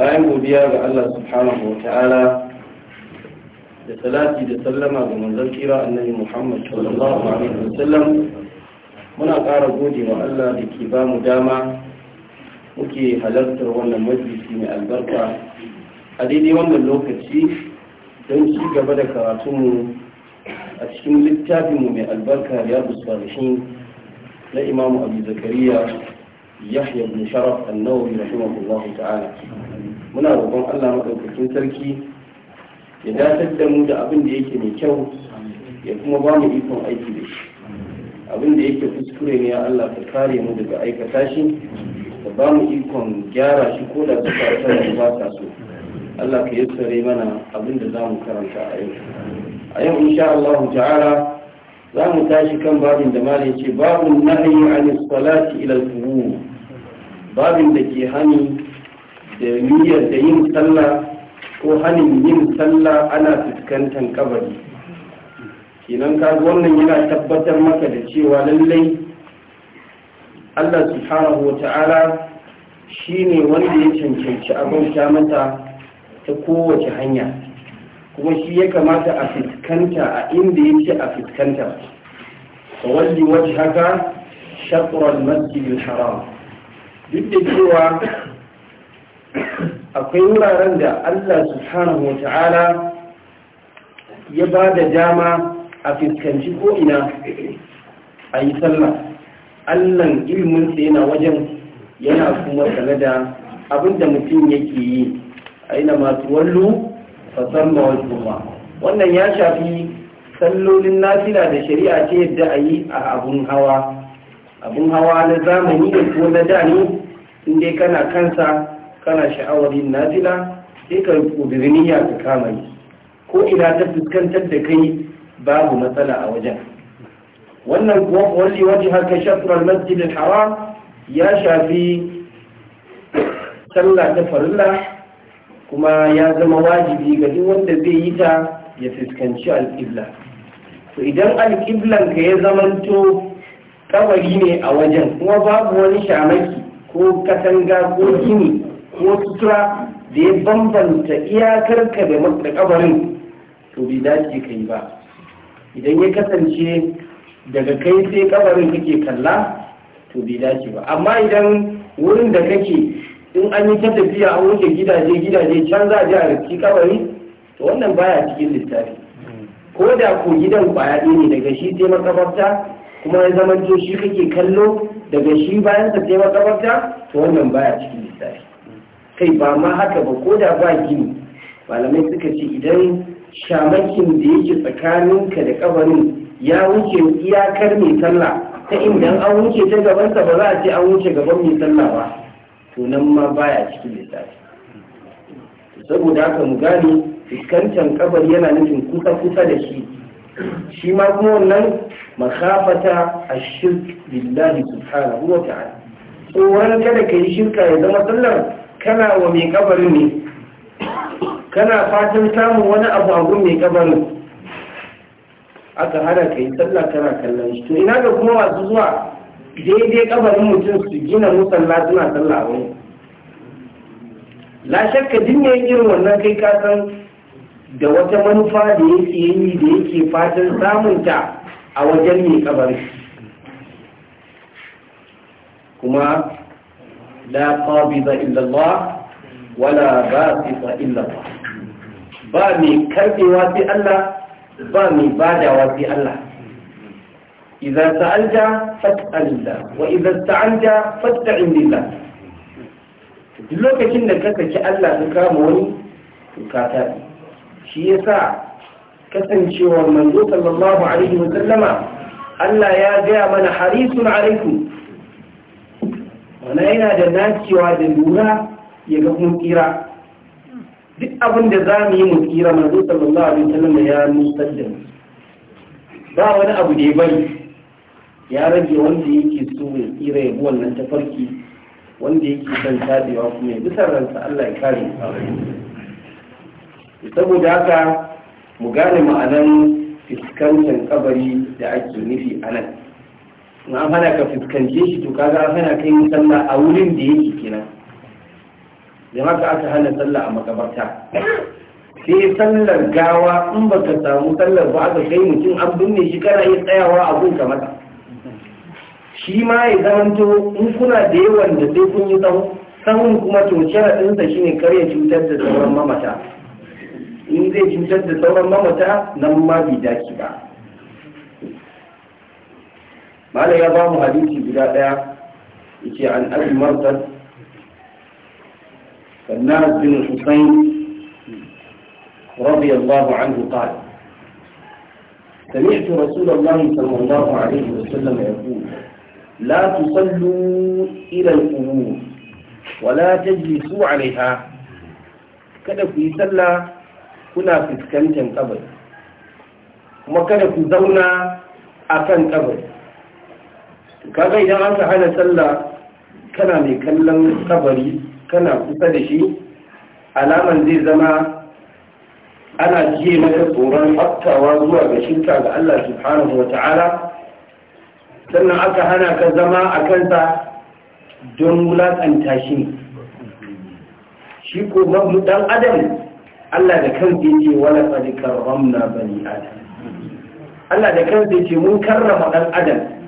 bayan godiya ga Allah subhanahu wa ta'ala da salati da sallama ga manzon kira annabi Muhammad sallallahu alaihi wasallam muna ƙara gode wa Allah da ke ba mu dama muke halartar wannan majalisi mai albarka a daidai wannan lokaci don ci gaba da karatunmu a cikin littafinmu mai albarka ya salihin na imamu abu zakariya yahya bin sharaf annawi rahimahullahu ta'ala muna roƙon Allah maɗaukakin sarki ya dakatar da mu da abin da yake mai kyau ya kuma ba mu ikon aiki da shi abin da yake kuskure ne Allah ka kare mu daga aikata shi ka ba mu ikon gyara shi ko da suka tsara ba ta so Allah ka yassare mana abin da za mu karanta a yau a yau insha Allah ta'ala za mu tashi kan babin da malai ce babun nahyi an salati ila al babin da ke hani da niyyar da yin sallah ko hanin yin sallah ana fuskantar kabari kenan kaga wannan yana tabbatar maka da cewa lallai Allah subhanahu wa shi ne wanda ya cancanci abauta mata ta kowace hanya kuma shi ya kamata a fuskanta a inda ya ce a fuskanta a walli wajen haka shakwar masjidin haram duk da cewa akwai wuraren da Allah subhanahu wa ta'ala ya ba da dama a fiskanci ko'ina a yi sallah allan ilminsa yana wajen yana kuma sane da abinda mutum yake yi a yana masu wallo fasamma wajen wannan ya shafi sallolin nafila da shari'a ce yadda a yi a abun hawa abun hawa na zamani da ko na da ne inda kana kansa kana sha'awar yin sai ka ƙudiri niyya ka kama yi ko ina ta fuskantar da kai babu matsala a wajen wannan kuwa walli waje haka shafurar masjidin hawa ya shafi sallah ta farilla kuma ya zama wajibi ga duk wanda zai yi ta ya fuskanci alƙibla to idan alƙiblan ka ya zamanto kabari ne a wajen kuma babu wani shamaki ko katanga ko gini ko sutura da ya bambanta ka da kabarin to bai dace ka yi ba idan ya kasance daga kai sai kabarin kake kalla to bai dace ba amma idan wurin da kake in an yi ta tafiya an wuce gidaje gidaje can za a je a riski kabari to wannan baya cikin littafi ko da ko gidan kwaya ɗaya ne daga shi sai makabarta kuma ya zama shi kake kallo daga shi bayan sa sai makabarta to wannan baya cikin littafi kai ba ma haka ba ko da ba gini malamai suka ce idan shamakin da yake tsakaninka da kabarin ya wuce iyakar mai talla ta inda an wuce ta gabansa ba za a ce an wuce gaban mai talla ba to nan ma baya cikin lissafi saboda haka mu gane fuskantar kabar yana nufin kusa kusa da shi shi ma kuma wannan makafata a shirk billahi subhanahu wa ta'ala tsohon kada ka yi shirka ya zama sallar kana wa mai kabarin ne kana fatan samun wani abu a gun mai kabarin aka hana ka yi tsalla kana kallon shi to ina ga kuma wasu zuwa daidai kabarin mutum su gina musalla suna tsalla a wani la ka duk ne irin wannan kai ka da wata manufa da yake yi da yake fatan samun ta a wajen mai kabarin kuma la qabida illa Allah wala basita illa Allah ba mai karbewa sai Allah ba mai badawa sai Allah idza sa'alta fas'alillah wa idza sta'anta fasta'in billah duk lokacin da ka saki Allah ka kama wani to shi yasa kasancewar manzo sallallahu alaihi wa Allah ya gaya mana harisun alaikum wana yana da nacewa da lura ya ga kuma tsira duk abin da za mu yi mu tsira zuwa sallallahu alaihi wasallam ya nusar da ba wani abu da ya bari ya rage wanda yake so ya tsira ya bi wannan tafarki wanda yake son tabewa kuma ya bisa ransa Allah ya kare saboda haka mu gane ma'anan fuskantar kabari da ake nufi a nan in an hana ka fuskance shi to kaga an hana kai yin sallah a wurin da yake kenan da haka aka hana sallah a makabarta sai sallar gawa in baka samu sallar ba aka kai mutum an binne shi kana iya tsayawa a gun mata shi ma ya zamanto in kuna da yawan da sai kun yi tsawo tsawon kuma to sharaɗinsa shine kar ya cutar da sauran mamata in zai cutar da sauran mamata nan ma bai dace ba malai ya ba mu hadisi guda daya yake an abi martar sannan bin husain radiyallahu anhu qala سمعت رسول الله صلى الله عليه وسلم يقول لا تصلوا إلى القبور ولا تجلسوا عليها كذا في سلة هنا في سكنت قبل وما في ذونا أكن قبل kaga idan an ka hana sallah kana mai kallon kabari kana kusa da shi alaman zai zama ana jiye maka tsoron aftawa zuwa ga shirka ga Allah subhanahu wa ta'ala sannan aka hana ka zama a kansa don wulatsanta shi shi ko dan adam Allah da kansa yake wala qad karramna bani adam Allah da kansa ce mun karrama dan adam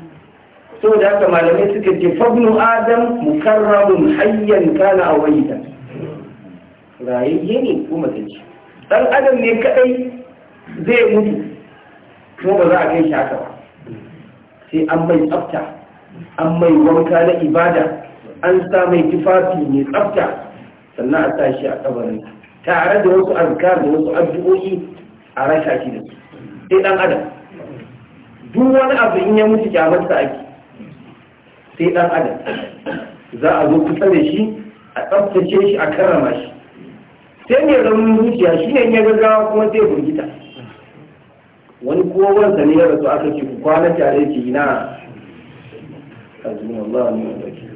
saboda haka malamai suka ce fagnu adam mukarramun hayyan kana a wajita rayayye ne ko matacce dan adam ne kadai zai mutu kuma ba za a kai shi haka ba sai an mai tsafta an mai wanka na ibada an sa mai tufafi mai tsafta sannan a sa shi a kabarin tare da wasu azkar da wasu addu'o'i a rasha shi da su sai dan adam duk wani abu in ya mutu kyamarsa ake sai dan adam za a zo kusa da shi a tsabtace shi a karrama shi sai mai raunin zuciya shi ne ya gaggawa kuma zai burgita wani kuwa sa ne ya rasu aka ce ku kwana tare ke na zuwa Allah ne wanda ke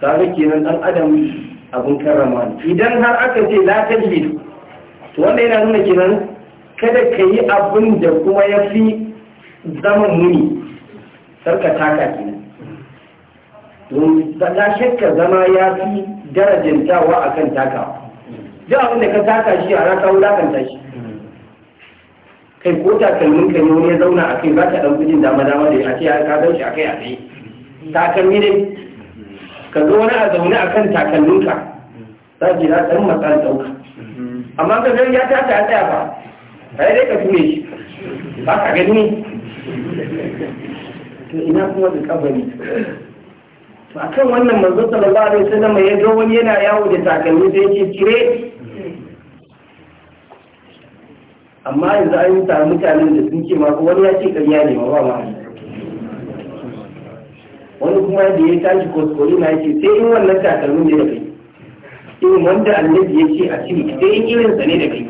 kaga kenan dan adam abun karrama idan har aka ce ta tajlid to wanda yana nuna kenan kada ka yi abin da kuma ya fi zaman muni sarka taka kenan don ta shakka zama ya fi darajantawa a kan taka da abin ka taka shi a raka wulakanta shi kai ko takalmin ka ne wani ya zauna a kai ba ta ɗan gudun dama dama da ya ce ya ka zau a kai a tsaye takalmi dai ka zo wani a zaune a kan ka za ki za ta matsa ɗauka amma ka zai ya taka a tsaya ba yi dai ka tume shi ba ka gani ne to ina kuma da kabari to akan wannan manzo sallallahu alaihi wasallam ya ga wani yana yawo da takalmi sai yake cire amma yanzu an yi tare mutanen da sun ce ma wani ya ce karya ne ma ba ma wani kuma da ya tashi kuskure na yake sai in wannan takalmin ne da kai in wanda annabi ya ce a cikin sai in irin sa ne da kai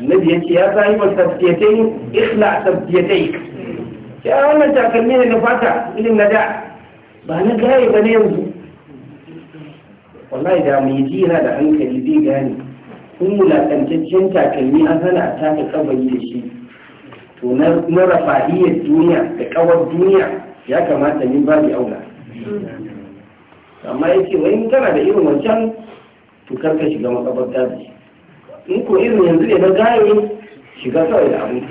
annabi ya ce ya sahibar tafiyatai ikhla tafiyatai ya wannan takalmi ne na fata irin na da ba na gaye ba na yanzu wallahi da mai jira da hankali zai gane kun wulaƙantaccen takalmi an hana a taka kabari da shi to na rafahiyar duniya da ƙawar duniya ya kamata ni ba ni aula amma ya ce wani tana da irin wancan to karka shiga makabarta da in ko irin yanzu ne na gaye shiga kawai da abin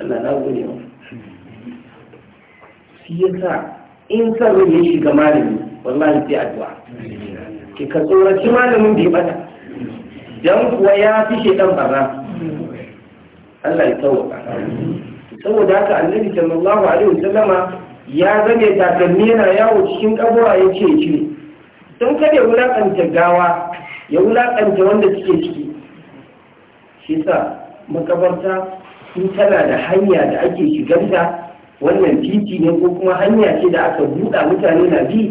Allah na gode wa shi yasa in son ya shiga malami wallahi sai addu'a ki ka tsoraci malamin da ya bata dan kuwa ya fi shedan barra Allah ya tawaka saboda haka annabi sallallahu alaihi wasallam ya zame takalmi yana yawo cikin kabura ya ce ce don kada ya wulakanta gawa ya wulakanta wanda suke ciki shi sa makabarta sun tana da hanya da ake shigarta. wannan titi ne ko kuma hanya ce da aka buɗa mutane na bi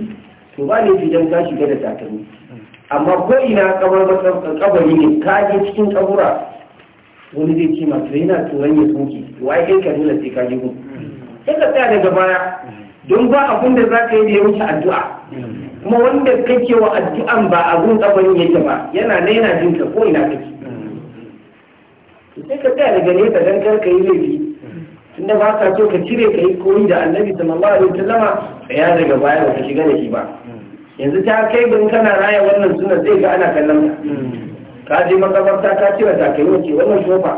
to ba ne don ka shiga da takalmi amma ko ina kabari ne ka je cikin kabura wani zai ce masu yana turan ya soke wa ya ka nuna sai ka ji mu sai ka tsaya daga baya don ba abun da za ka yi da ya wuce addu'a kuma wanda kake wa addu'an ba a gun kabarin yake ba yana na yana jinka ko ina kake sai ka tsaya daga nesa don kar ka yi laifi tunda ba ka so ka cire ka yi koyi da annabi sallallahu alaihi wasallama ya daga baya ba ka shiga da shi ba yanzu ta kai bin kana raya wannan suna zai ga ana kallon ka ka je makabarta ka cire ta kai wace wannan shofa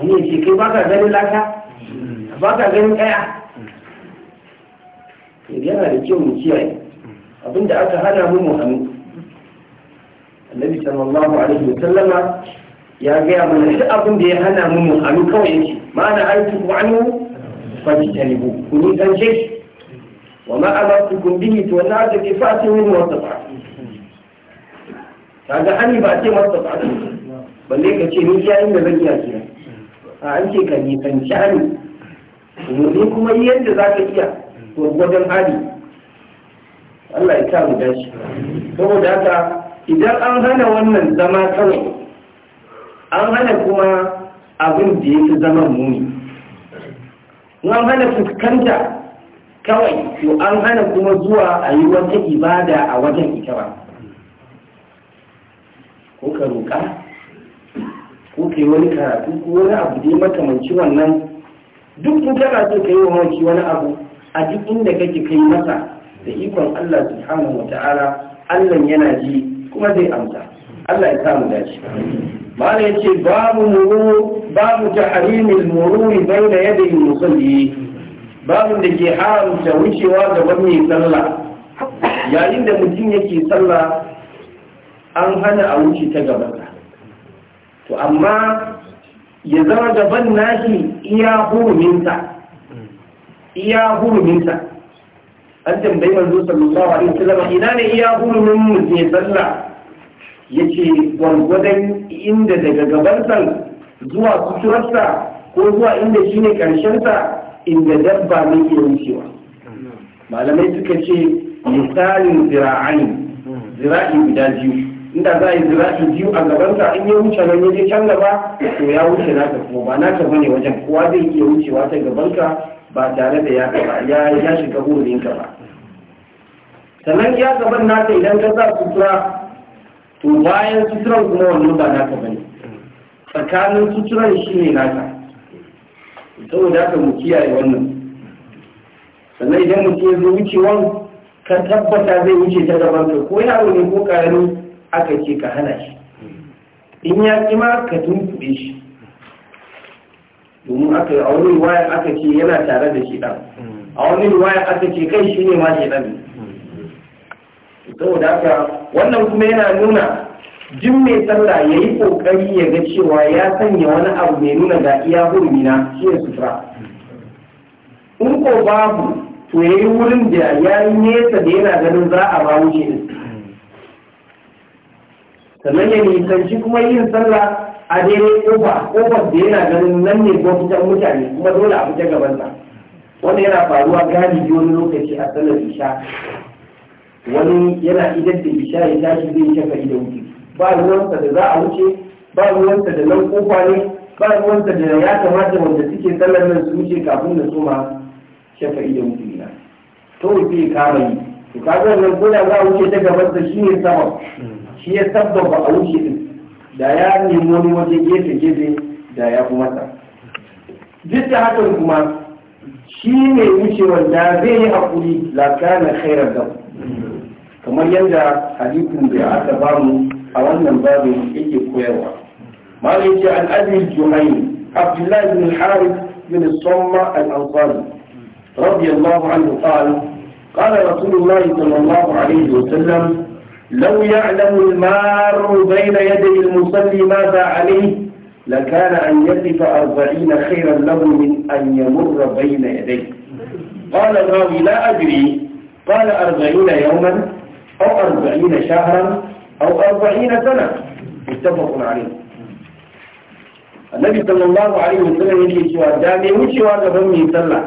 wani ce kai ba ka ganin laka ba ka ganin kaya yana da kyau mu kiyaye abinda aka hana mu mu annabi sallallahu alaihi wasallama ya gaya mana duk abin da ya hana mu mu hannu kawai yake ma na haifu ku hannu Fati ta talibu ku ni dan shi wa ma amartukum bihi to na da ke fati min wa tafa kaga ani ba ce masa ba balle ka ce ni ya inda zan iya kira a an ce ka ni san shani ni kuma yadda za ka iya gurgurdan hali Allah ya sa mu dashi saboda haka idan an hana wannan zama kawai an hana kuma abin da ya fi zama muni an hana fuskanta kawai to an hana kuma zuwa a yi wata ibada a wajen ita ba ko ka roƙa ko ka yi wani karatu ko wani abu da ya makamanci wannan duk kuka so ka yi wa mawaki wani abu a duk inda kake kai masa da ikon Allah subhanahu wa ta'ala Allah yana ji kuma zai amsa Allah ya samu dace ما يجي باب مرور muruwi bai da yadda yi musulmi babu da ke haramta wucewa gaban mai sallah yayin da mutum yake sallah an hana a wuce ta gabata to amma ya zama gaban nashi iya huruminsa iya huruminsa an tambayi manzo sallallahu alaihi wasallam ina ne iya hurumin mutum ya sallah ya ce gwargwadon inda daga gabansa zuwa suturarsa ko zuwa inda shi ne ƙarshensa inda dabba ne ke wucewa malamai suka ce misalin zira'ai zira'i guda biyu inda za a yi zira'i biyu a gabansa in ya wuce nan ya je can gaba to ya wuce naka ko ba naka bane wajen kowa zai iya wucewa ta gabanka ba tare da ya ya shiga ka ba sannan ya gaban naka idan ka sa sutura to bayan suturan kuma wannan ba naka ne tsakanin suturan shi ne naka saboda haka mu kiyaye wannan sannan idan mutum ya zo wucewan ka tabbata zai wuce ta gaban ka ko yaro ne ko karami aka ce ka hana shi in ya kima ka tunkuɗe shi domin aka yi a wani waya aka ce yana tare da shi ɗan a wani waya aka ce kai shi ne ma shi ɗan saboda haka wannan kuma yana nuna duk mai sallah ya yi kokari ya ga cewa ya sanya wani abu mai nuna ga iya hurumi na shi ya sutura in ko babu to ya yi wurin da ya yi nesa da yana ganin za a ba wuce da sannan ya nisanci kuma yin sallah a daidai kofa kofar da yana ganin nan ne ko fitar mutane kuma dole a fita gabansa wanda yana faruwa galibi wani lokaci a sallar isha wani yana idan da isha ta tashi zai shafa da wuce ba ruwansa da za a wuce ba ruwansa da nan kofa ne ba ruwansa da ya kamata wanda suke sallar nan su wuce kafin da soma shafa da wuce na to ya kama yi to kaga nan ko da za a wuce ta gaban sa shi ne sama shi ya sabbaba a wuce din da ya nemi wani waje gefe gefe da ya kuma ta. duk da hakan kuma shi ne wucewar da zai yi hakuri la kana khairar gaba kamar yadda hadithin da aka ba mu a wannan babin yake koyarwa malai ce an abi juhayn abdullahi bin harith bin samma al-ansari radiyallahu anhu qala قال رسول الله صلى الله عليه وسلم لو يعلم المار بين يدي المصلي ماذا عليه لكان أن يقف أربعين خيرا له من أن يمر بين يديه قال الراوي لا أدري قال أربعين يوما أو أربعين شهرا أو أربعين سنة متفق عليه النبي صلى الله عليه وسلم يجي شوى الجامع وشوى لهم يسلع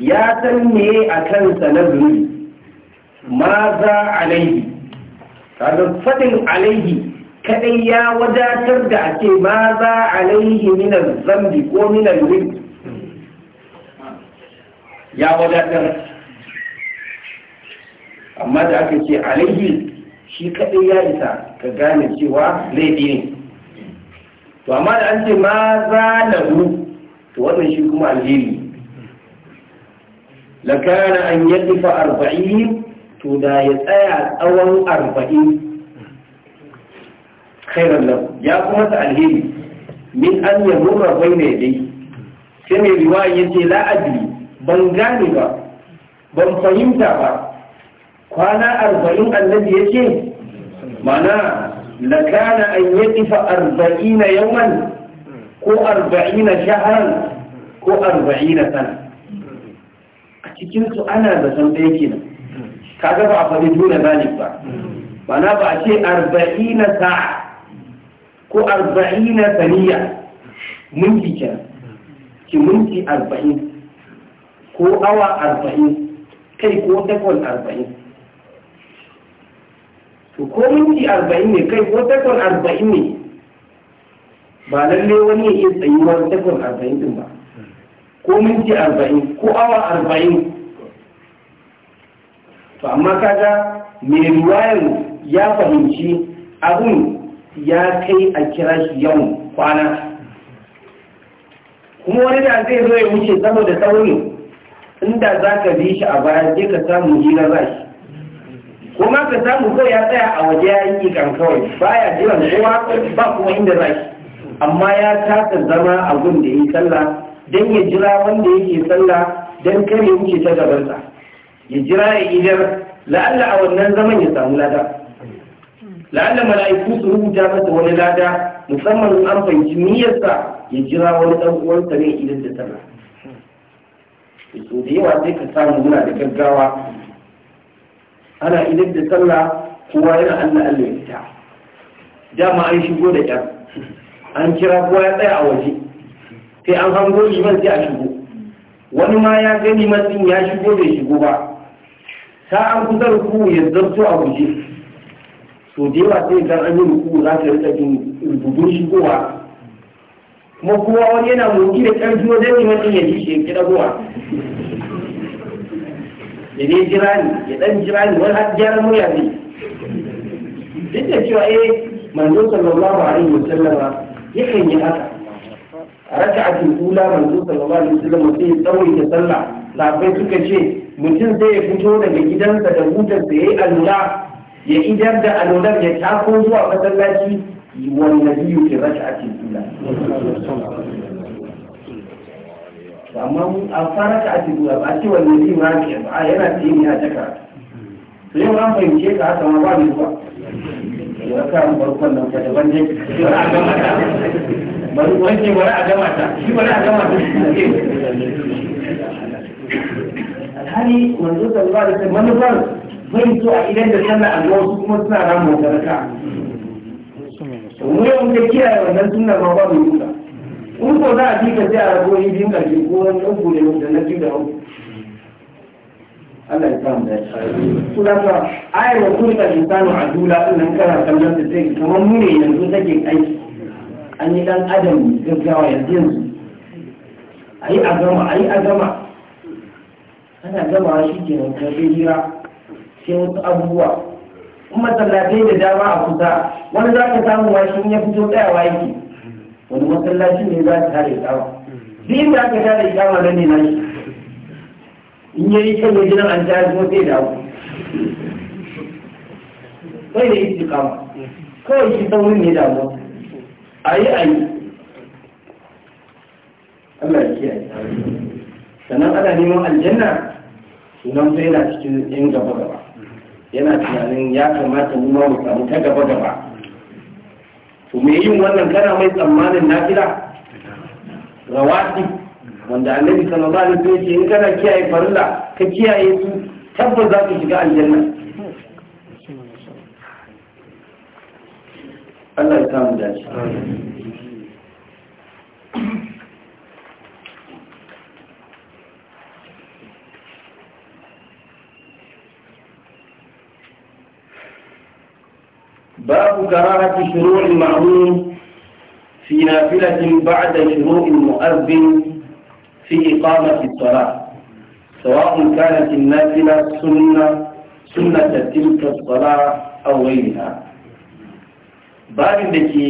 يا تنمي أكنس نبري ماذا عليه هذا الفتن عليه كأن يا ودا تردع ماذا عليه من الزمد ومن الوجه يا ودا تردع amma da aka ce alaihi shi kaɗai ya isa ka gane cewa laifi ne to amma da an ce ma za hu to wannan shi kuma alheri lakana an yadda fa arba'in to da ya tsaya tsawon arba'in khairan lau ya kuma ta alheri min an yamurra bayna dai sai mai riwaya yace la adri ban gane ba ban fahimta ba kwana arba'in annabi ya ce mana lakana an yi ɗifa arba'ina yawan ko arba'ina shaharar, ko arba'ina sana a cikinsu ana da zaton ɗaya kenan ga ba a faɗi dole zalik ba mana ba a ce arba'ina sa'a ko arba'ina saniya minti kenan ki minti arba'in ko awa arba'in kai ko dakon arba'in to ko minti arba'in ne kai ko takwas arba'in ne ba lallai wani ya iya tsayuwa takwas arba'in din ba ko minti arba'in ko awa arba'in to amma kaga mai ruwayan ya fahimci abin ya kai a kira shi yawan kwana kuma wani da zai zo ya wuce saboda sauri inda za ka bi shi a baya sai ka samu hira za shi kuma ka samu ko ya tsaya a waje ya yi kan kawai baya jiran kowa ba kuma inda za shi amma ya taka zama a gun da yi sallah don ya jira wanda yake sallah don kar wuce ta gabansa ya jira ya jar la'alla a wannan zaman ya samu lada la'alla mala'iku su rubuta masa wani lada musamman an fahimci niyyarsa ya jira wani dan uwansa ne idan da sallah da yawa sai ka samu muna da gaggawa ana idan da sallah kowa yana allah allah ya fita dama an shigo da ƙyar an kira kowa ya tsaya a waje sai an hango liman sai a shigo wani ma ya gani matsin ya shigo bai shigo ba sa an kusa ruku ya zarto a guje to da sai idan an yi ruku za ka rika jin rubutun shigowa kuma kowa wani yana mulki da ƙarfi wajen liman ya ji shi ya kira ya dai jira ni ya dan jira ni wani har gyaran mu ne duk da cewa eh manzo sallallahu alaihi wasallam yakan yi haka a cikin kula manzo sallallahu alaihi wasallam sai ya tsawaita sallah labai suka ce mutum zai fito daga gidansa da da ya yi alula ya idar da alular ya tako zuwa masallaci wannan raka a cikin kula. amma mun a fara ka ake zuwa ba ce wani zai ma ke ba yana yi ne a jaka to yau an fahimce ka haka ma ba ne ba ya ka mu barkon nan ka daban ba a gama ta bari wanke bari a gama ta shi bari a gama ta alhali manzo sallallahu alaihi wasallam manufar bai so a idan da sallah a zuwa su kuma suna ramu da raka mu yau mun kiyaye wannan sunna ma ba mu yi in ko za a fi ka sai a ragoyi biyun ƙarshe ko wani uku ne da na biyu da hau Allah ya samu dace su da ka ayar wa kulka insanu adula din nan kana kallon da sai kamar mu ne yanzu take aiki an yi dan adam gaggawa yanzu yanzu a yi agama a gama ana gama shi ke nan karfe hira sai wasu abubuwa Kuma masallatai da dama a kusa wani za ka samu wa shi ya fito tsayawa yake wani masallaci ne za ta tare kyawa biyun da aka tare kyawa nan ne na shi in yayi kan jiran an tare ko sai dawo sai da yi kama kawai shi saurin ne damuwa a yi a yi Allah ya kiyaye sannan ana neman aljanna sunan sai yana cikin yin gaba gaba yana tunanin ya kamata mu ma mu samu ta gaba gaba to me yin wannan kana mai tsammanin nafila rawati wanda annabi sallallahu alaihi wasallam yake in kana kiyaye farilla ka kiyaye su tabbas za ka shiga aljanna Allah ya samu dace باب كراهة شروع المأمون في نافلة بعد شروع المؤذن في إقامة الصلاة سواء كانت النافلة سنة سنة تلك الصلاة أو غيرها babin da ke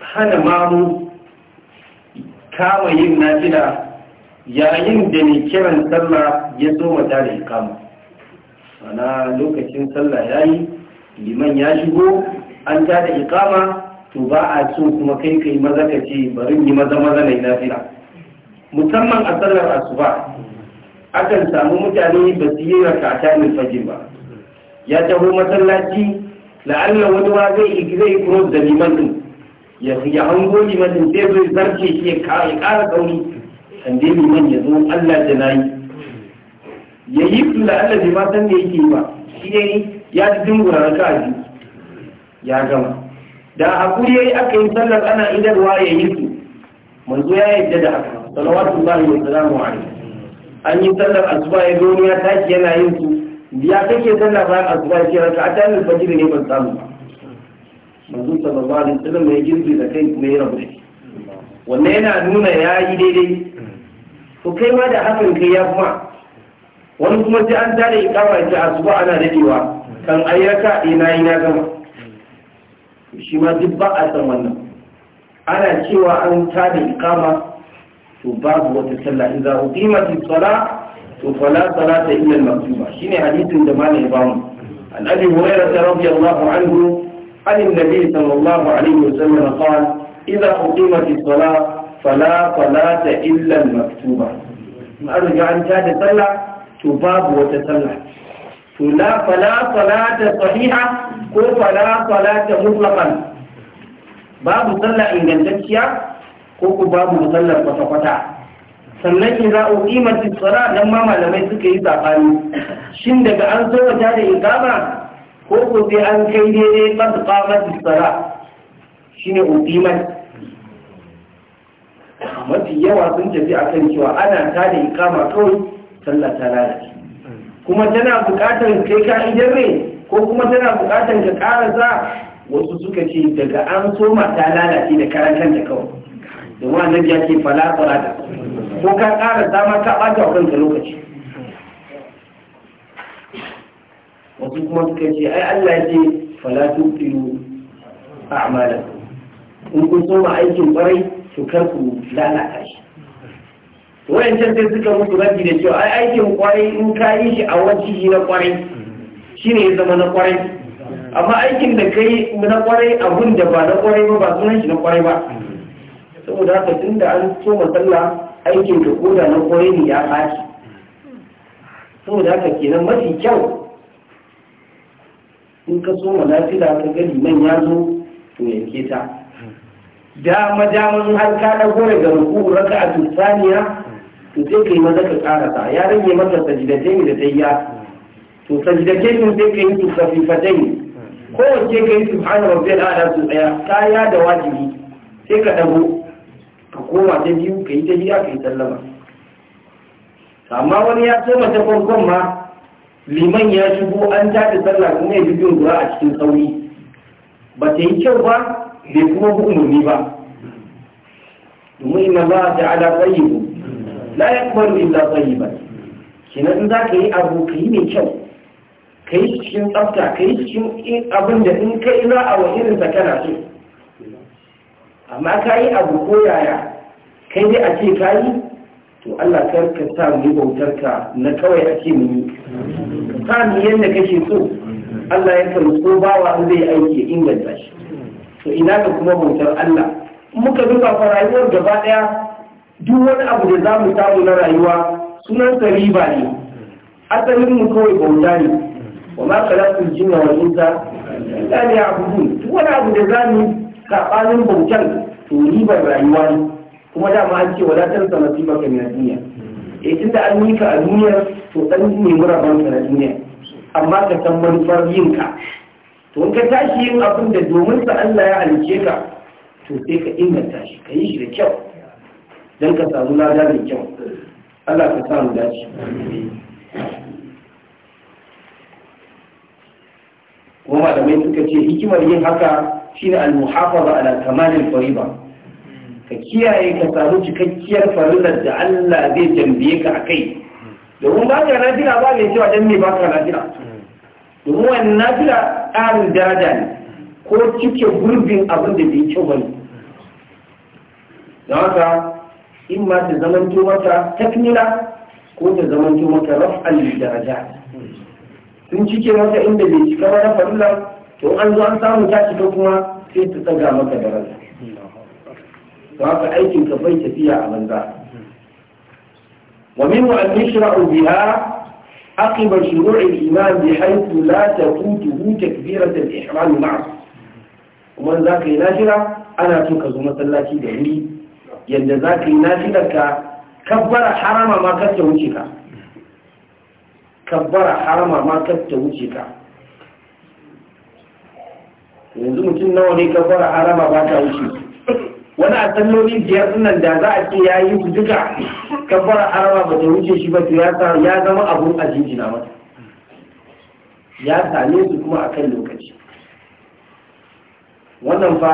hana mamu kama yin nafila yayin da mai kiran sallah ya zo mata da kama mana lokacin sallah ya yi liman ya shigo an ta da ikama to ba a so kuma kai kai maza ka ce bari yi maza maza na nafila musamman a sallar asuba akan samu mutane ba su yi ta min fajir ba ya taho masallaci la'alla wani ma zai zai cross da liman din ya ya hango liman din sai zai zarce shi ya kara kauri kan liman ya zo Allah da nayi yayi la'alla bai san me yake ba shi ne. ya ci dingura raka a biyu ya gama da ya yayi aka yi sallar ana idarwa ya yi su manzo ya yadda da haka salawatu llahi wa salamu alaihi an yi sallar asuba ya zo ya tashi yana yin su ya kake sallar ba asuba ya ce raka a tanin fajiri ne ban samu ba manzo sallallahu alaihi wasallam ya girbi da kai kuma ya rabu wannan yana nuna ya yi daidai to kai ma da hakan kai ya kuma wani kuma sai an tare ikama ya ce asuba ana dadewa kan ayyaka ina ina gama shi ma duk ba a san wannan ana cewa an tada ikama to babu wata sallah idza uqimatis salah to fala salata ta al-maktuba shine hadisin da malai ya bamu an abi hurairah radiyallahu anhu عن النبي idan الله عليه وسلم قال إذا أقيمت الصلاة فلا صلاة إلا المكتوبة an tada sallah to babu wata sallah to la fala salata sahiha ko fala salata mutlaqan babu sallah ingantacciya ko ku babu sallar kwata-kwata sannan za uqimat as tsara dan ma malamai suka yi sabani shin daga an zo wata da iqama ko ko sai an kai daidai qad qamat as-salat shine uqimat mafi yawa sun tafi akan cewa ana ta da iqama kawai sallah ta lalace kuma tana bukatar kai ka idan ko kuma tana bukatar ka karasa wasu suka ce daga an soma ta lalace da karantar da kawai domin annabi ya ce fala da ko ka karasa ma ka bata wa kanka lokaci wasu kuma suka ce ai Allah ya ce fala a a'malakum in kun soma aikin kwarai su kar ku lalata shi wayancan sai suka mutu rabi da cewa ai aikin kwarai in ka yi shi a shi na kwarai shine ya zama na kwarai amma aikin da kai na kwarai abun da ba na kwarai ba ba sunan shi na kwarai ba saboda haka tun da an so matsala aikin da koda na kwarai ne ya ɓaci saboda haka kenan mafi kyau in ka so malafila ka ga liman ya zo to yanke ta dama dama in har ka ɗago daga raka a tutsaniya. to sai kai maza ka karasa ya rage masa sajidatai da ta tayya to sajidatai sun sai yi su ka yi su hana wa ta'ala su tsaya kaya da wajibi sai ka dago ka koma ta biyu ka yi ta biya ka yi sallama amma wani ya soma ta farkon ma liman ya shigo an tafi sallah kuma ya fi bin gura a cikin sauri ba ta yi kyau ba bai kuma bi umarni ba domin ina ba ta ala tsayi la yakbaru illa ba kenan in za ka yi abu ka yi mai kyau ka yi cikin tsafta ka yi cikin abin da in ka ila a wa irinsa kana so amma ka yi abu ko yaya kai dai a ce ka yi to Allah kar ka sa mu yi bautar ka na kawai a ce mu yi ka sa mu yadda kake so Allah ya kan so bawa in zai aiki inganta shi to ina ka kuma bautar Allah muka duba fa rayuwar gaba daya duk wani abu da za mu samu na rayuwa sunan riba ne asalin mu kawai bauta ne wa ma kalafin jinna wa insa ya ne duk wani abu da za mu kaɓanin bautan to ribar rayuwa ne kuma dama an ce wadatar sa nasiba ka na duniya tun eh, tunda an yi ka a duniya to dan nemi rabon ka na duniya amma ka san manufar yin ka to in ka tashi yin abin da domin sa Allah ya halice ka to sai ka inganta shi ka yi shi da kyau don ka samu lada mai kyau allah ka samu dace kuma malamai suka ce hikimar yin haka shine al-muhafaza ala kamalil fariba ka kiyaye ka samu cikakkiyar farillar da Allah zai tambaye ka akai domin ba ka nafila ba mai cewa dan me ba ka nafila domin wannan nafila ƙarin daraja ne ko cike gurbin abin da bai kyau ne. don haka Imma ma ta zamanto mata takmila ko ta zamanto mata raf'al daraja sun cike mata inda bai cika ba na farilla to an zo an samu ta cika kuma sai ta tsaga maka daraja to haka aikin ka bai tafiya a banza ومنه أن يشرع بها عقب شروع الإمام بحيث لا تفوته تكبيرة الإحرام معه ومن ذاك ka أنا masallaci da دهني yadda za ka yi nafilarka kabbara harama ma kar wuce ka kabbara harama ma kar ta wuce ka yanzu mutum nawa ne kabbara harama ba ta wuce wani a tannoni biyar sunan da za a ce ya yi duka kabbara harama ba ta wuce shi ba to ya zama abun a jinjina mata ya same su kuma a kan lokaci wannan fa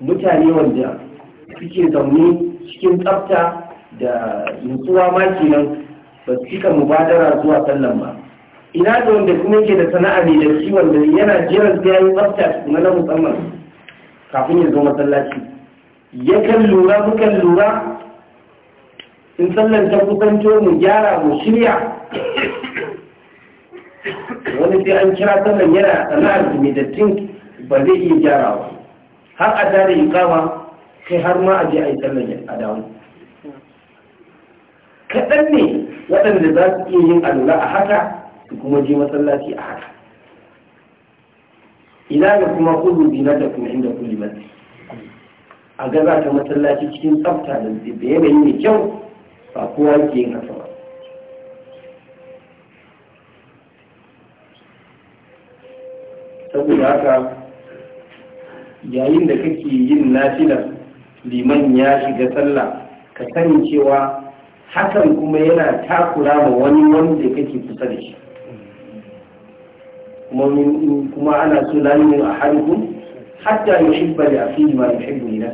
mutane wanda suke zaune cikin tsafta da nutsuwa ma kenan ba su cika mubadara zuwa sallan ba ina da wanda kuma yake da sana'a ne da shi wanda yana jiran sai yayi tsafta kuma na musamman kafin ya zo masallaci kan lura mukan lura in sallan ta kusanto mu gyara mu shirya wani sai an kira sallan yana sana'ar da mai dattin ba zai iya gyarawa har a tare kama. kai har ma a je a yi sallan a dawo kaɗan ne waɗanda za su iya yin alula a haka su kuma je masallaci a haka ina ga kuma kudu dina da kuma inda kuli masjid a gaza ta masallaci cikin tsafta da yanayi mai kyau ba kowa ke yin haka ba saboda haka yayin da kake yin nafilar liman ya shiga sallah ka sani cewa hakan kuma yana takura ma wani wanda kake kusa da shi kuma ana so lalimin a harkun hatta ya shibba da ma ya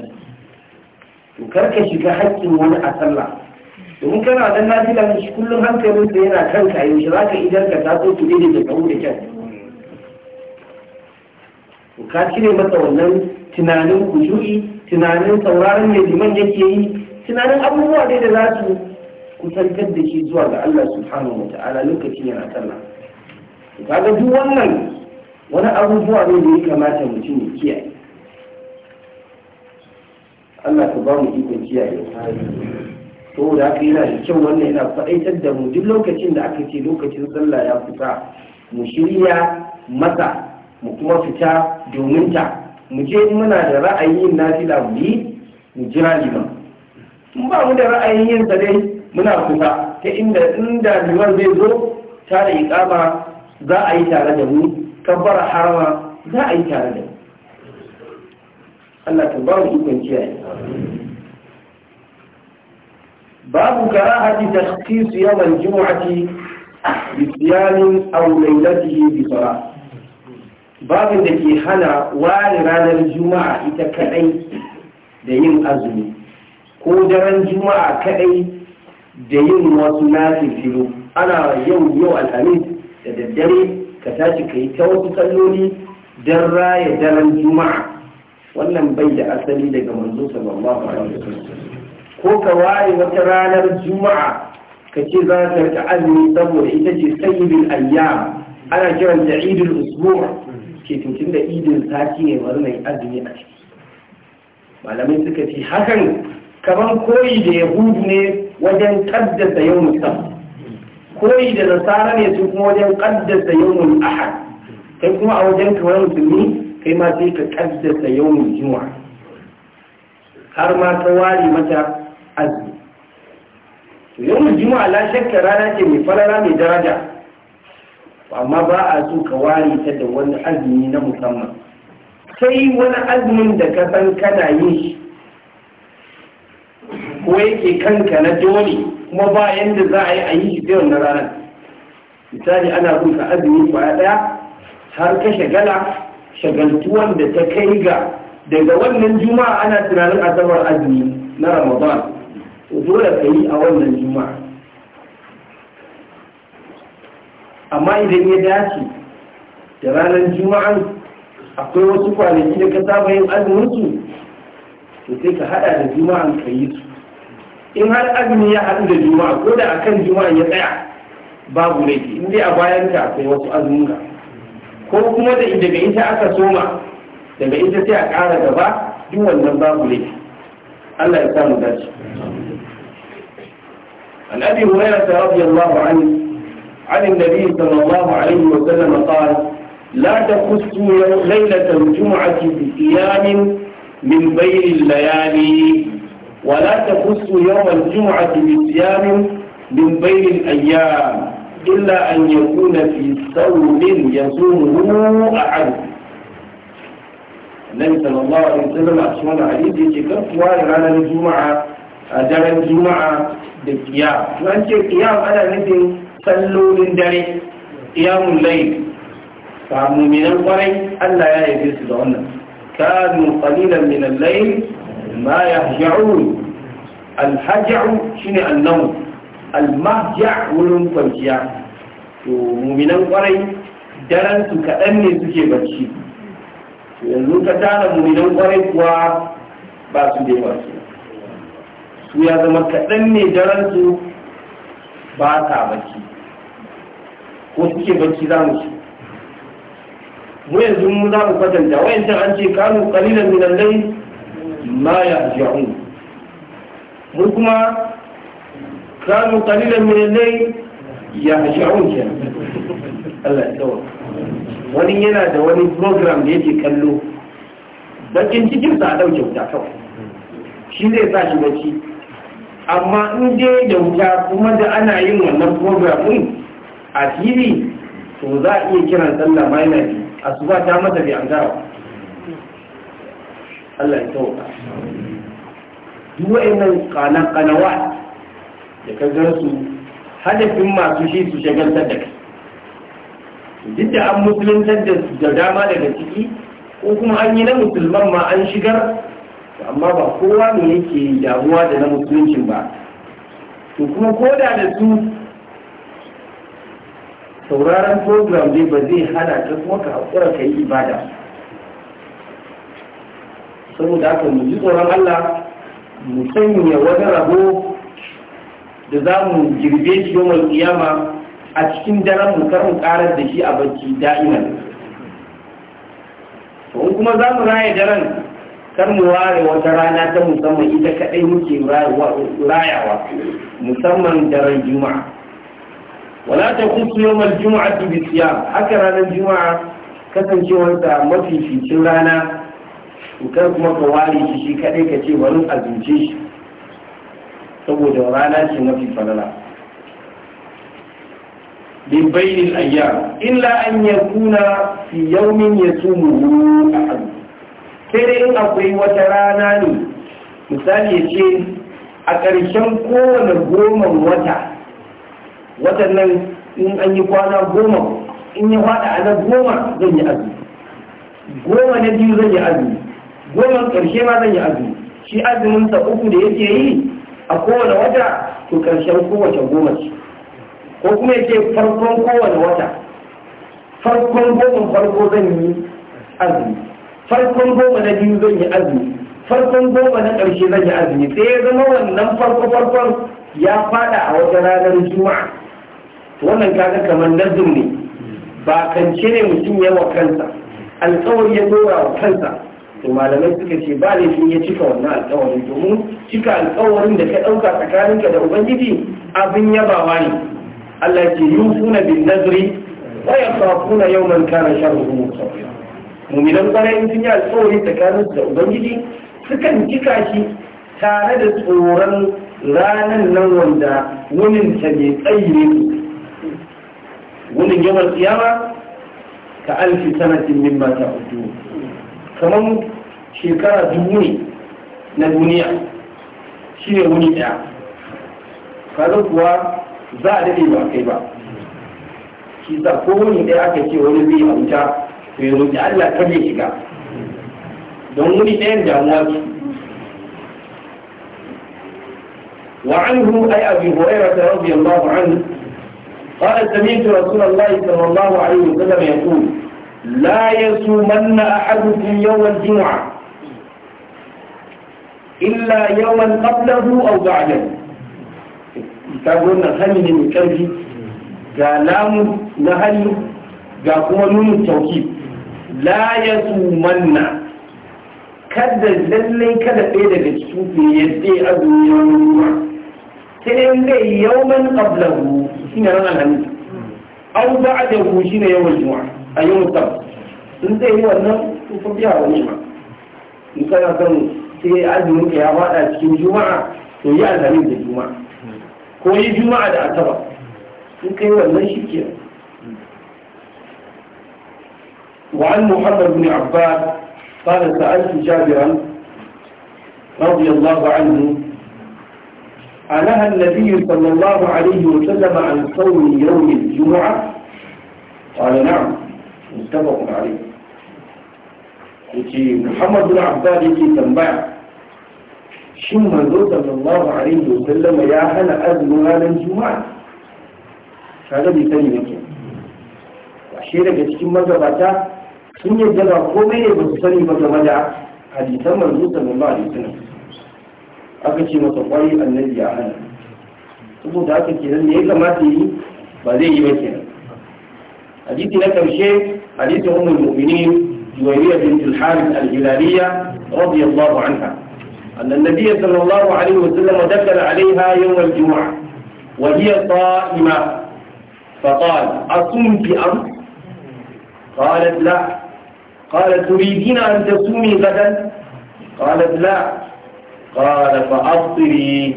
to karka shiga haƙƙin wani a sallah domin kana dan nafila shi kullum hankalin da yana kanka yau shi zaka idan ka taso ki dai da kawo da kyan ka cire masa wannan tunanin kujuyi tunanin sauraron mai liman yake yi tunanin abubuwa dai da za su kusantar da shi zuwa ga Allah subhanahu wa ta'ala lokacin yana sallah kaga duk wannan wani abubuwa ne da ya kamata mutum ya kiyaye Allah ka ba mu ikon kiyaye saboda haka yana da kyau wannan yana faɗaitar da mu duk lokacin da aka ce lokacin sallah ya fita mu shirya masa mu kuma fita domin ta mu je muna da ra'ayin nafila mu yi mu jira liman in ba mu da ra'ayin yin sa dai muna kusa ta inda inda liman zai zo ta da iqama za a yi tare da mu kabbar harama za a yi tare da mu Allah ta ba mu ikon kiyaye babu karahati takhsis yawm al-jum'ati bi siyamin aw laylatihi bi salat babu da ke hana ware ranar juma'a ita kadai da yin azumi ko daren juma'a kadai da yin wasu filo ana yau yau alhamis da daddare ka tashi ka yi ta wasu kalloli don raya daren juma'a wannan bai da asali daga manzo sallallahu alaihi wasallam ko ka ware wata ranar juma'a ka ce za ka rika azumi saboda ita ce sayyidul ayyam ana kiranta idul usbu' ke tuntun da idin sati ne wani mai azumi a ciki malamai suka ce hakan kamar koyi da yahudu ne wajen kaddasa yau musam koyi da nasara ne su kuma wajen kaddasa yau ahad kai kuma a wajen kamar musulmi kai ma sai ka kaddasa yau juma'a har ma ta ware mata azumi yau juma'a la shakka rana ce mai falala mai daraja amma ba a so ka ware ta da wani azumi na musamman sai wani azumin da ka san kana yi shi ko yake kanka na dole kuma ba yadda za a yi a yi shi sai wannan ranar misali ana so ka azumi kwaya daya har ka shagala shagaltuwan da ta kai ga daga wannan juma'a ana tunanin asabar azumi na ramadan dole ka yi a wannan juma'a amma idan ya dace da ranar juma'an akwai wasu kwanaki da ka saba yin azuminsu to sai ka hada da juma'an ka yi su in har azumi ya haɗu da juma'a ko da akan juma'an ya tsaya babu laifi in a bayan ka akwai wasu azuminka ko kuma da daga ita aka soma daga ita sai a ƙara gaba duk wannan babu laifi Allah ya samu dace an abi hurairah radiyallahu anhu عن النبي صلى الله عليه وسلم قال لا تخصوا ليلة الجمعة بصيام من بين الليالي ولا تخصوا يوم الجمعة بصيام من بين الأيام إلا أن يكون في صوم يصومه أحد النبي صلى الله عليه وسلم أشمل عليه يجي كفوا رانا الجمعة دار الجمعة بالقيام وأنت القيام أنا نبي sallolin dare iyamun layi ta muminan kwarai Allah ya yabe su da wannan Ta qalilan min al-layl ma yahja'un al-haj'u shi ne nawm al-mahja' wurin kwanciya to muminan kwarai daren kaɗan ne suke bacci yanzu ka tara muminan kwarai kuwa ba su da yawa su ya zama kaɗan ne daren ba ta bacci ko suke bacci za mu ci mu yanzu mu za mu kwatanta wayancan an ce kanu kalilan min ma ya ma yahjaun mu kuma kanu kalilan min al-layl yahjaun kenan Allah ya tsawo wani yana da wani program da yake kallo bakin cikin sa a dauke wuta kawai shi zai sa shi bacci amma in dai da wuta kuma da ana yin wannan program din a TV to za a iya kiran sallah ma yana bi a su ba ta masa bi an gara Allah ya tauka duk nan kanan kanawa da ka gan su hadafin masu shi su shagaltar da kai duk da an musulintar da dama daga ciki ko kuma an yi na musulman ma an shigar amma ba kowa ne yake damuwa da na musuluncin ba to kuma ko da su sauraron program dai ba zai hana ta kuma ka haƙura ka yi ibada saboda haka mu ji tsoron Allah mu sanya wani rabo da za mu girbe shi yau kiyama a cikin daren mu kar mu karar da shi a bacci da'iman ko kuma za mu raya daren kar mu ware wata rana ta musamman ita kaɗai muke rayawa musamman daren juma'a wala ta kusu yawmal Juma'a bi siyam haka ranar juma'a kasancewarsa mafi ficin rana kar kuma ka ware shi shi kadai ka ce wani azince shi saboda rana ce mafi falala bin bayin ayyam illa an yakuna fi yawmin a ahad sai dai in akwai wata rana ne misali ya ce a ƙarshen kowane goman wata waɗannan in an yi kwana goma in yi faɗa a nan goma zan yi azumi goma na biyu zan yi azumi goma ƙarshe ma zan yi azumi shi azumin sa uku da yake yi a kowane wata to ƙarshen kowace goma ce ko kuma yake farkon kowane wata farkon goma farko zan yi azumi farkon goma na biyu zan yi azumi farkon goma na ƙarshe zan yi azumi sai ya zama wannan farko farkon ya fada a wata ranar juma'a wannan kaga kamar nazar ne ba kance ne mutum ya wa kansa alkawari ya dora wa kansa to malamai suka ce ba laifin ya cika wannan alkawari domin cika alkawarin da ka ɗauka tsakaninka da ubangiji abin yabawa ne Allah ce yusuna bin nazri wa yakhafuna yawman kana sharruhu mustaqim mu'minan bayan sun yi alkawari tsakaninsu da ubangiji sukan cika shi tare da tsoron ranan nan wanda wunin ta ne tsayi ne wunin yawan tsiyama ka alfi sanatin min ta hudu kamar shekara dubu ne na duniya shi ne wuni ɗaya. kaga kuwa za a daɗe ba kai ba shi sa ko wani ɗaya aka ce wani zai a wuta to ya roƙi Allah kar ya shiga don wuni ɗayan damuwa ce وعنه أي أبي هريرة رضي الله عنه قال سمعت رسول الله صلى الله عليه وسلم يقول لا يصومن أحدكم يوم الجمعة إلا يوما قبله أو بعده تقول نهني من كرفي قال لام نهني قال هو نون التوكيد لا يصومن kada lallai kada ɗaya daga cikin ya yadda azumi ya wani sai dai in zai yawman qablahu shine ranar alhamis aw ba'dahu shine yawmul jumu'a a yawmul sabt in zai yi wannan to fa biya wani ma in kana son sai azumin ka ya fada cikin juma'a to yi alhamis da juma'a ko yi juma'a da asabar in kai wannan shi ke وعن محمد بن عباس قال سألت جابرا رضي الله عنه أنهى النبي صلى الله عليه وسلم عن صوم يوم الجمعة قال نعم متفق عليه يجي محمد بن عباد يجي تنبع شو منذ صلى الله عليه وسلم يا هل أذن هذا الجمعة هذا بيتني مكي وشيرا كتشم مجا باتا سنية جلال قومي بسسني مجا مجا حديثا منذ صلى الله عليه وسلم aka ce masa kwari annabi ya hana saboda haka kenan da ya kamata yi ba zai yi ba kenan hadisi na karshe hadisi ummul mu'minin juwayriya bint al-harith al-hilaliyya radiyallahu anha أن النبي صلى الله عليه وسلم دخل عليها يوم الجمعة وهي صائمة فقال أصمت أمس قالت لا قال تريدين أن تصومي غدا قالت لا قال فأبطري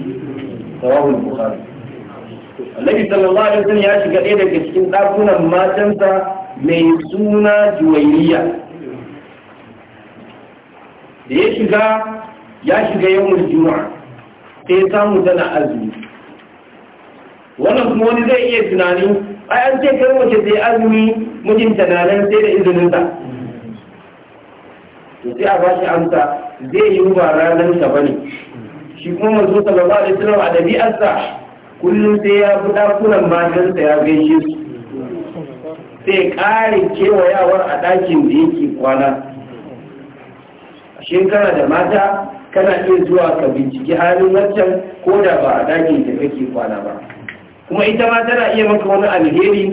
رواه البخاري النبي صلى الله عليه وسلم ya shiga ɗaya daga cikin ɗakunan matansa mai suna juwairiya da ya shiga ya shiga yawon juma'a sai samu tana azumi wannan kuma wani zai iya tunani ai an ce kar mace sai azumi mijinta na sai da izininsa sai a bashi amsa zai yi ba ranar sa bane shi kuma manzo sallallahu alaihi wasallam a dabi'arsa kullum sai ya bi dakunan sa ya gaishe su sai kare kewayawar a ɗakin da yake kwana shi kana da mata kana iya zuwa ka binciki halin wancan ko da ba a ɗakin da kake kwana ba kuma ita ma tana iya maka wani alheri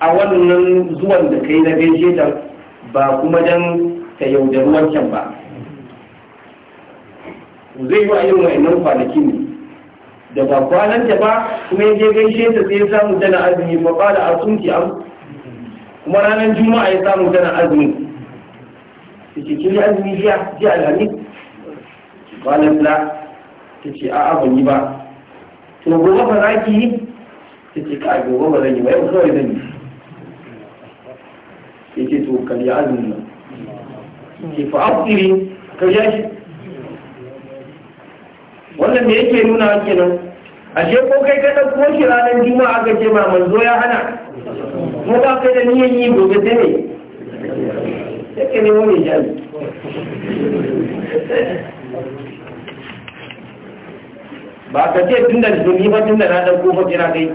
a wannan zuwan da kai na gaishe ta ba kuma dan ka yaudari wancan ba zai yi yi yin wa'annan kwanakin ne da ba kwananta ba kuma ya gaishe ta sai ya samu tana azumi ba ba da asunci am kuma ranar juma'a ya samu tana azumi ta ce kiri azumi jiya jiya alhamis kwanan la ta ce a'a ban yi ba to gobe ba za ki yi ta ce ka gobe ba zan yi ba yau kawai zan yi ya ce to kalli azumin nan ke fa'afiri ka ja shi wannan da yake nuna kenan ashe ko kai ka ɗauko shi ranar juma'a ga ce ma manzo ya hana ko ba kai da niyan yi gobe ta ne yake ne wani jami ba ka ce tun da zumi ba tun da na ɗan kofa kira kai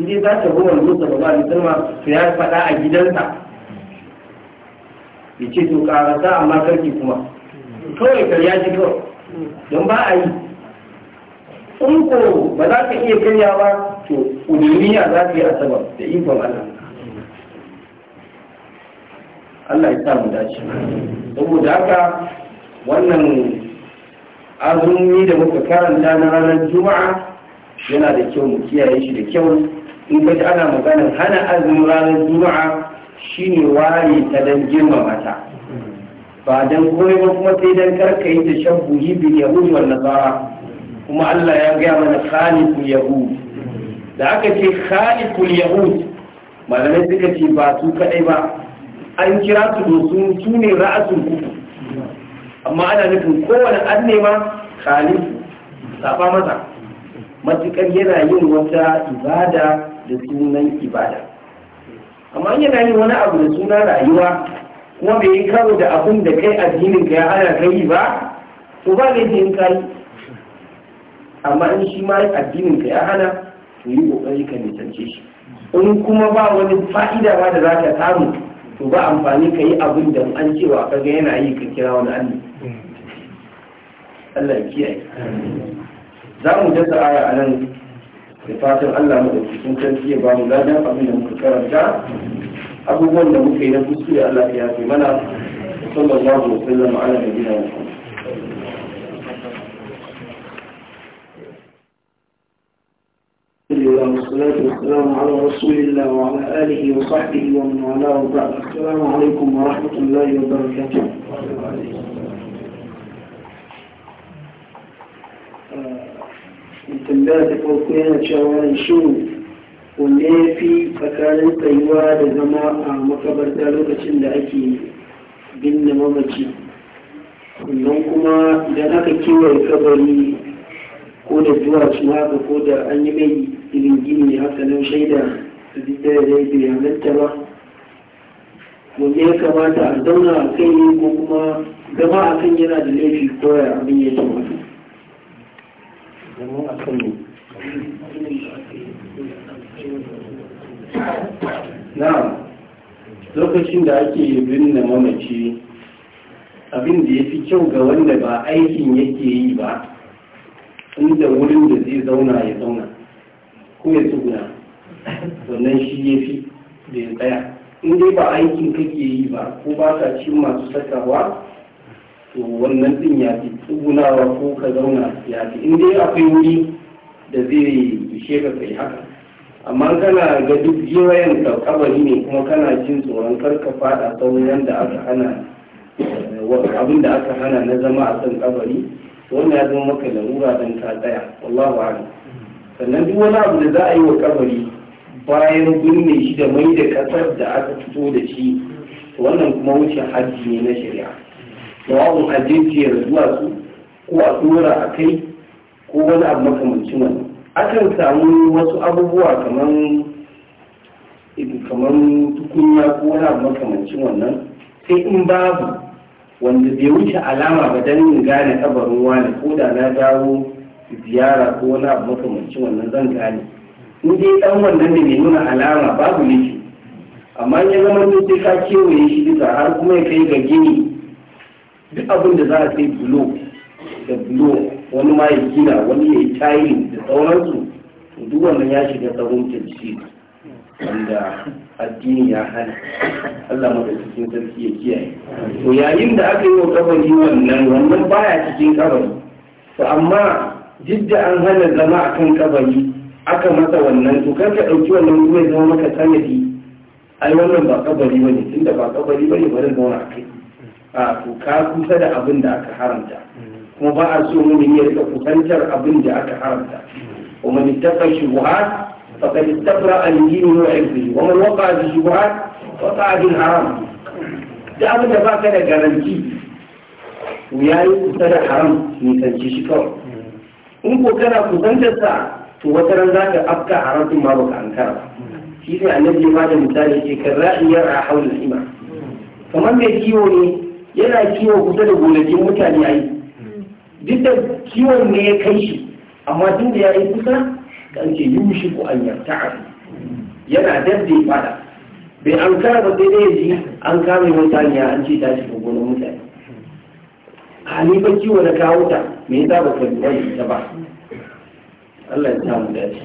inda za ta goma musa ba ba ma su ya faɗa a gidansa ya ce to karanta amma karki kuma kawai karya ji kawai don ba a yi in ko ba za ka iya karya ba to ƙudurriya za ka yi asabar da ikon Allah Allah ya sa mu dace saboda haka wannan azumi da muka karanta na ranar juma'a yana da kyau mu kiyaye shi da kyau in ka ana maganin hana azumin ranar juma'a shi ne ware ta don girmama ta ba don komai ba kuma sai don karka yi ta shabbuhi bin yahudi wa nasara kuma Allah ya gaya mana khaliqul yahud da aka ce Khalifu yahud malamai suka ce ba su kadai ba an kira su dosu su ne ra'asul amma ana nufin kowane an nema khalif safa masa matukar yana yin wata ibada da sunan ibada amma yana yi wani abu da suna rayuwa kuma bai yi karo da abin da kai addinin ka ya hana ka yi ba to ba zai jin kai amma in shi ma addinin ka ya hana to yi kokari ka nisance shi in kuma ba wani fa'ida ba da za ka samu to ba amfani ka yi abin da an cewa kaga yana yi ka kira wani annabi Allah ya kiyaye za mu dasa aya a nan da fatan Allah mu dauki sun sarki ya ba mu ladan abin da muka karanta abubuwan da muka yi na kuskure Allah ya yafe mana sallallahu alaihi wa sallam ala nabiyina Muhammad والصلاة والسلام على رسول الله وعلى آله وصحبه ومن والاه وبعد السلام عليكم ورحمة الله وبركاته tambaya ta farko yana cewa shin wanda ya fi tsakanin tsayuwa da zama a makabarta lokacin da ake binne mamaci sannan kuma idan aka kewaye kabari ko da duwatsu haka ko da an yi mai irin gini haka nan shaida su bi da ya bayananta ba wanda ya kamata a zauna a kai ne ko kuma zama a kan yana da laifi koya abin ya tabbata domin a na lokacin da ake binne mamaci abin da ya fi kyau ga wanda ba aikin yake yi ba inda wurin da zai zauna ya zauna ko ya tsuguna wannan shi ya fi da ya tsaya inda ba aikin kake yi ba ko ba ka cin masu sakawa to wannan din ya fi tsugunawa ko ka zauna ya fi in dai akwai wuri da zai ishe ka kai haka amma kana ga duk yawayan ka kabari ne kuma kana jin tsoron karka fada sauran da aka hana eh, abin da aka hana na zama a kan kabari to ya zama maka larura dan ka tsaya wallahu a'lam sannan duk wani abu da za a yi wa kabari bayan binne shi da mai da kasar da aka fito da shi wannan kuma wuce hajji ne na shari'a jawabin ajejiyar zuwa su ko a tsora a kai ko wani abu makamancin wani akan samu wasu abubuwa kamar kamar tukunya ko wani abu makamancin wannan sai in babu wanda bai wuce alama ba dan in gane kabarin wani ko da na dawo ziyara ko wani abu makamancin wannan zan gane in dai dan wannan da bai nuna alama babu laifi amma ya zama sai ka kewaye shi bisa har kuma ya kai ga gini duk abin da za a sai bulo da bulo wani ma ya gina wani ya yi tayi da sauransu duk wannan ya shiga tsawon tafsir wanda addini ya hana Allah cikin sarki ya kiyaye to yayin da aka yi wa kabari wannan wannan baya cikin kabari to amma duk da an hana zama a kan kabari aka masa wannan to kar ka ɗauki wannan kuma ya zama maka sanadi ai wannan ba kabari bane tunda ba kabari bane bari zauna kai. a to ka kusa da abin da aka haramta kuma ba a so mun ya rika kusantar abin da aka haramta wa man ittaqa shubuhat faqad istabra al-din wa irdihi wa man waqa bi shubuhat waqa'a bil haram da abin da baka da garanti to yayi kusa da haram ne kanci shi kawai in ko kana kusantar sa to wata ran za ka afka haram din ma baka ankara ba shi sai annabi ya bada misali ce kan ra'iyar a haulul ima kamar mai kiwo ne yana kiwo kusa da gonakin mutane a yi duk da kiwon ne ya kai shi amma duk da ya yi kusa kan ke yi mushi ko an yarta yana dab da ya fada bai an kara ba sai dai ji an kame mutane an ce ta shiga gonar mutane hali ba kiwo na kawo ta me yasa ba ka lura ta ba Allah ya samu dace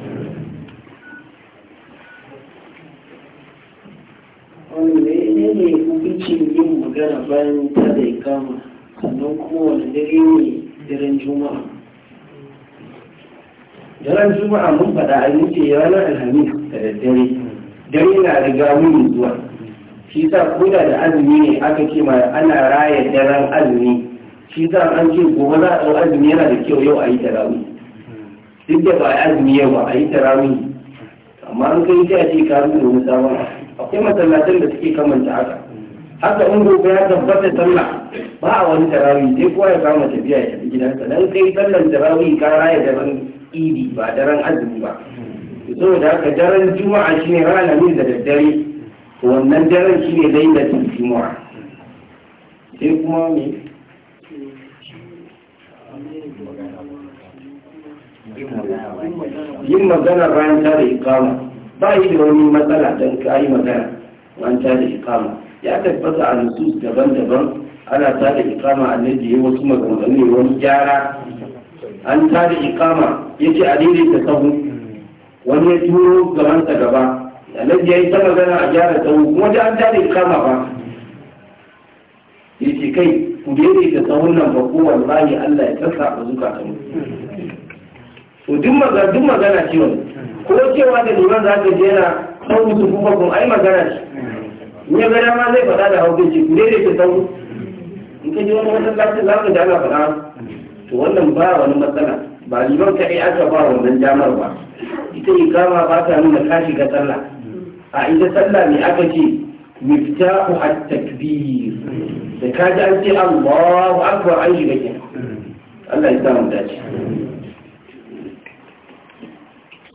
wanda ya ne hukuncin yin magana bayan ta da ikama sannan kuma wani dare ne daren juma'a daren juma'a mun faɗa a yi ranar alhamis da daddare dare na riga mun zuwa shi sa koda da azumi ne aka ce ma ana raya daren azumi shi sa an ce gobe za a ɗau azumi yana da kyau yau a yi tarawih duk da ba a yi azumi yau ba a yi tarawih amma an kai ta ce ka da wani akwai masallacin da suke kamanta haka haka in gobe ya tabbata sallah ba a wani tarawih sai kowa ya kama tafiya ya tafi gidansa dan kai sallan tarawih ka raya daren idi ba daren azumi ba saboda haka daren juma'a shine rana min da daddare wannan daren shine lailatul juma'a sai kuma me yin maganar ranta da ikama ba yi da wani matsala don ka yi magana wani ta da ikama ya tabbata a nusus daban-daban ana ta da ikama a nan yi wasu maganganu wani gyara an ta da ikama ya ce a ta sahu wani ya turo gabansa gaba annabi ya yi ta magana a gyara sahu kuma da an ta da ikama ba ya ce kai ku daidaita sahu nan ba ko wallahi Allah ya kasa a zukatan to duk magana ce wani ko cewa da liman za ka je na sau musu kuma kun ai magana ce ne gada ma zai faɗa da haukin ce ku daidaita sau in ka ji wani masallaci za ka ji ana faɗa to wannan ba wani matsala ba liman kaɗai aka ba wannan damar ba ita kama ba ta nuna ka shiga sallah a ita sallah ne aka ce miftahu at-takbir da ka ji an ce Allahu akbar an shiga kenan Allah ya samu dace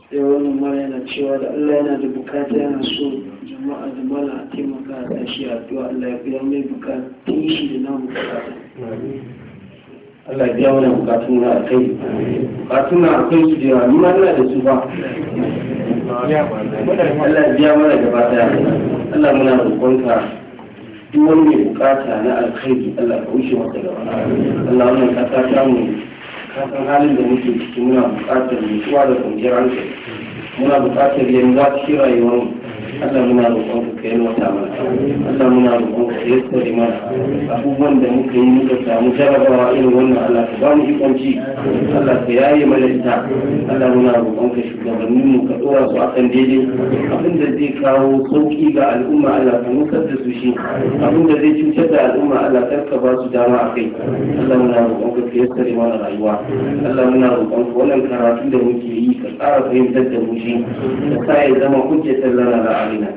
sai wani mara yana cewa da Allah yana da bukata yana so jama'a da mala a taimaka a tashi a duwa Allah ya biya mai bukatun shi da na bukata. Allah ya biya wani bukatun na kai. Bukatun na kai su da yawa, nuna ina da su ba. Allah ya biya mana gaba daya. Allah muna roƙonka duk wani mai bukata na alkhairi Allah ka wuce wata gaba. Allah wani kasa ta mu kasan halin da muke ciki muna bukatar mutuwa da kwanciyar hankali muna bukatar yanzu cikin rayuwar mu Allah muna roƙon ka kai wata mana Allah muna roƙon ka kai tsari mana abubuwan da muka yi muka samu jarabawa irin wannan Allah ka bani ikon ci. Allah ka yaye mana ita Allah muna roƙon ka shugabannin mu ka ɗora su akan daidai abin da zai kawo sauƙi ga al'umma Allah ka nusar da su shi abin da zai cutar da al'umma Allah kar ka ba su dama a kai Allah muna roƙon ka kai tsari mana rayuwa Allah muna roƙon ka wannan karatu da muke yi ka ƙara fahimtar da mu shi ka sa ya zama hujjatar lana da amina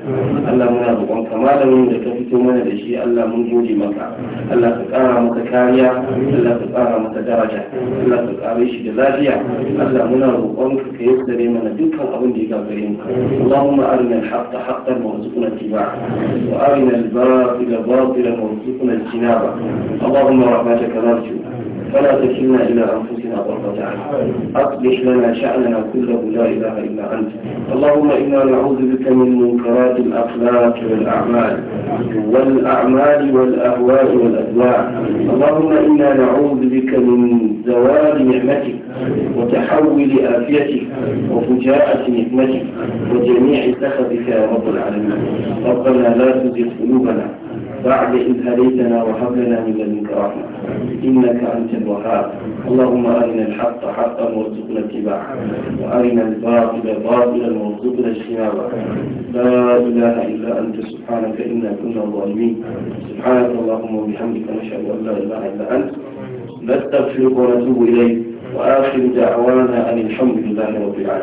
Allah muna roƙon kama da mun da ka fito mana da shi Allah mun gode maka Allah ka ƙara maka kariya Allah ka ƙara maka daraja Allah ka ƙara shi da lafiya Allah muna roƙon ka ka yaddare mana dukkan abin da ya gagare mu Allahumma arina al-haqqa haqqan wa arzuqna ittiba'a wa arina al-batila batila wa arzuqna ijtinaba Allahumma rahmataka narju فلا تكلنا إلى أنفسنا طرفة عين أقبح لنا شأننا كله لا إله إلا أنت اللهم إنا نعوذ بك من منكرات الأخلاق والأعمال والأعمال والأهواء والأدواء اللهم إنا نعوذ بك من زوال نعمتك وتحول آفيتك وفجاءة نعمتك وجميع سخطك يا رب العالمين ربنا لا تزغ قلوبنا بعد إذ هديتنا وهب لنا من لدنك رحمة إنك أنت الوهاب اللهم أرنا الحق حقا وارزقنا اتباعه وأرنا الباطل باطلا وارزقنا اجتنابه لا إله إلا أنت سبحانك إنا كنا ظالمين سبحانك اللهم وبحمدك نشهد أن لا إله إلا أنت نستغفرك ونتوب إليك وآخر دعوانا أن الحمد لله رب العالمين